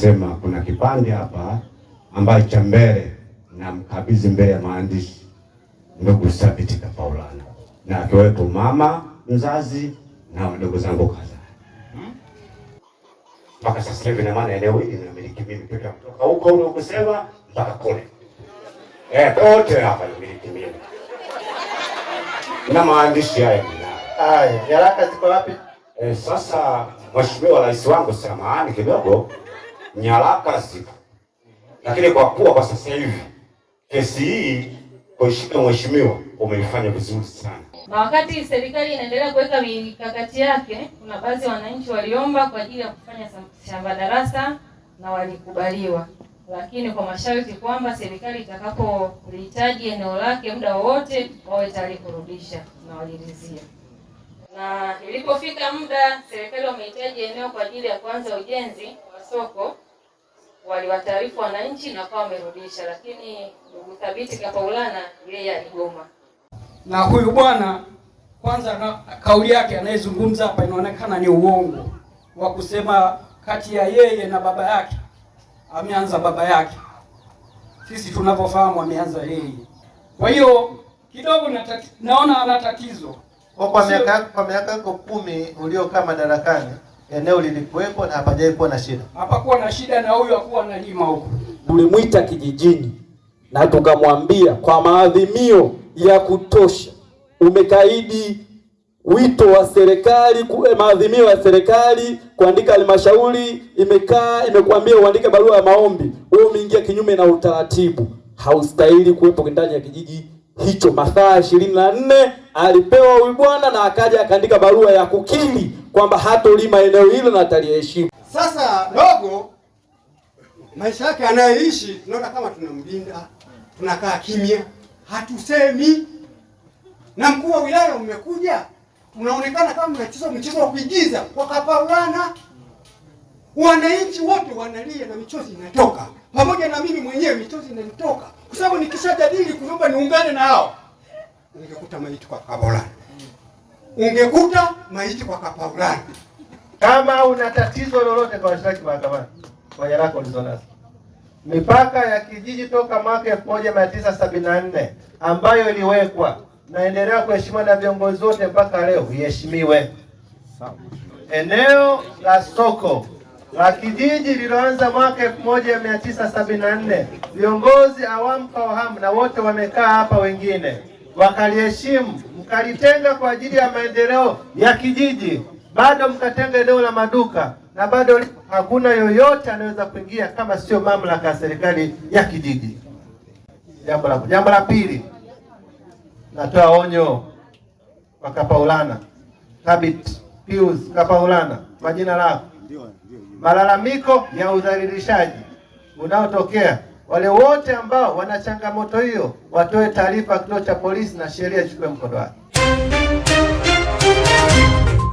sema kuna kipande hapa ambacho cha mbele na mkabidhi mbele ya maandishi ndugu Thabiti Kapaulana, na akiwepo mama mzazi na ndugu zangu kadhaa mpaka sasa hivi, na maana eneo hili ninamiliki mimi peke yangu, kutoka huko unakusema mpaka kule eh, pote hapa ninamiliki mimi na maandishi haya haya. Nyaraka ziko wapi? Eh, sasa mheshimiwa rais wangu, samahani kidogo nyaraka zipo, lakini kwa kuwa kwa sasa hivi kesi hii kwa mheshimiwa umeifanya vizuri sana, na wakati serikali inaendelea kuweka mikakati yake, kuna baadhi ya wananchi waliomba kwa ajili ya kufanya shamba darasa na walikubaliwa, lakini kwa masharti kwamba serikali itakapolihitaji eneo lake muda wowote wawe tayari kurudisha, na walirizia. Na ilipofika muda serikali wamehitaji eneo kwa ajili ya kuanza ujenzi wa soko waliwataarifu wananchi na kwa wamerudisha, lakini ndugu Thabiti Kapaulana yeye aligoma. Na huyu bwana kwanza, kauli yake anayezungumza hapa inaonekana ni uongo wa kusema kati ya yeye na baba yake. Ameanza baba yake, sisi tunavyofahamu ameanza yeye. Kwa hiyo kidogo naona ana tatizo kwa miaka yako kumi uliokaa madarakani eneo lilikuwepo na hapajawahi kuwa na shida, hapakuwa na shida, na huyu hakuwa analima huko. Tulimwita kijijini na tukamwambia kwa maadhimio ya kutosha, umekaidi wito wa serikali, eh, maadhimio ya serikali kuandika. Halmashauri imekaa imekuambia uandike barua ya maombi, wewe umeingia kinyume na utaratibu, haustahili kuwepo ndani ya kijiji hicho masaa ishirini na nne alipewa huyu bwana na akaja akaandika barua ya kukiri kwamba hatolima eneo hilo na ataliheshimu. Sasa dogo maisha yake anayeishi, tunaona kama tunamlinda, tunakaa kimya, hatusemi. Na mkuu wa wilaya umekuja tunaonekana kama mnacheza mchezo wa kuigiza kwa kapaulana. Wananchi wote wanalia na michozi inatoka, pamoja na mimi mwenyewe michozi inanitoka, kwa sababu nikishajadili kuomba niungane na hao, ungekuta maiti kwa kapaulani, ungekuta maiti kwa kapaulani. Kama una tatizo lolote kwa washtaki mahakamani, hoja lako ulizonazo mipaka ya kijiji toka mwaka 1974 ambayo iliwekwa naendelea kuheshimiwa na viongozi wote mpaka leo iheshimiwe. Eneo la soko la kijiji lililoanza mwaka 1974 viongozi awamu kwa awamu na wote wamekaa hapa, wengine wakaliheshimu, mkalitenga kwa ajili ya maendeleo ya kijiji, bado mkatenga eneo la maduka na bado hakuna yoyote anaweza kuingia kama sio mamlaka ya serikali ya kijiji. Jambo la jambo la pili, natoa onyo kwa Kapaulana, Tabit Pius Kapaulana, majina lako malalamiko ya udhalilishaji unaotokea. Wale wote ambao wana changamoto hiyo watoe taarifa kituo cha polisi na sheria ichukue mkondo wake.